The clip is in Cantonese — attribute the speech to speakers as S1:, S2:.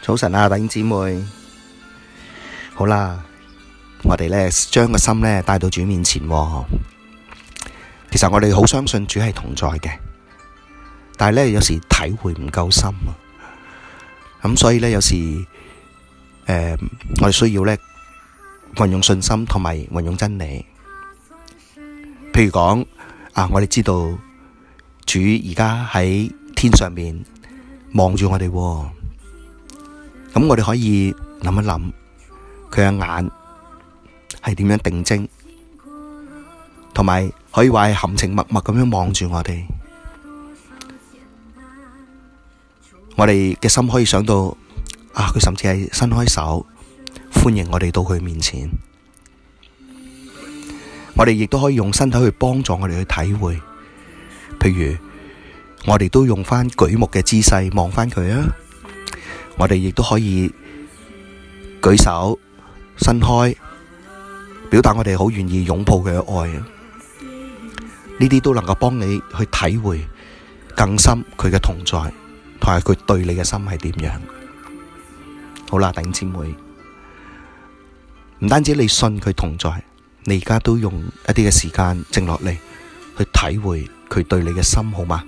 S1: 早晨啊，弟兄姊妹，好啦，我哋咧將個心咧帶到主面前、哦。其實我哋好相信主係同在嘅，但係咧有時體會唔夠深啊。咁、嗯、所以咧，有時誒、呃，我哋需要咧運用信心同埋運用真理。譬如講啊，我哋知道主而家喺天上面望住我哋、哦。咁我哋可以諗一諗佢嘅眼係點樣定睛，同埋可以話係含情脈脈咁樣望住我哋。我哋嘅心可以想到啊，佢甚至係伸開手歡迎我哋到佢面前。我哋亦都可以用身體去幫助我哋去體會，譬如我哋都用返舉目嘅姿勢望返佢啊。我哋亦都可以舉手伸開，表達我哋好願意擁抱佢嘅愛。呢啲都能夠幫你去體會更深佢嘅同在，同埋佢對你嘅心係點樣。好啦，頂姊妹，唔單止你信佢同在，你而家都用一啲嘅時間靜落嚟，去體會佢對你嘅心，好嗎？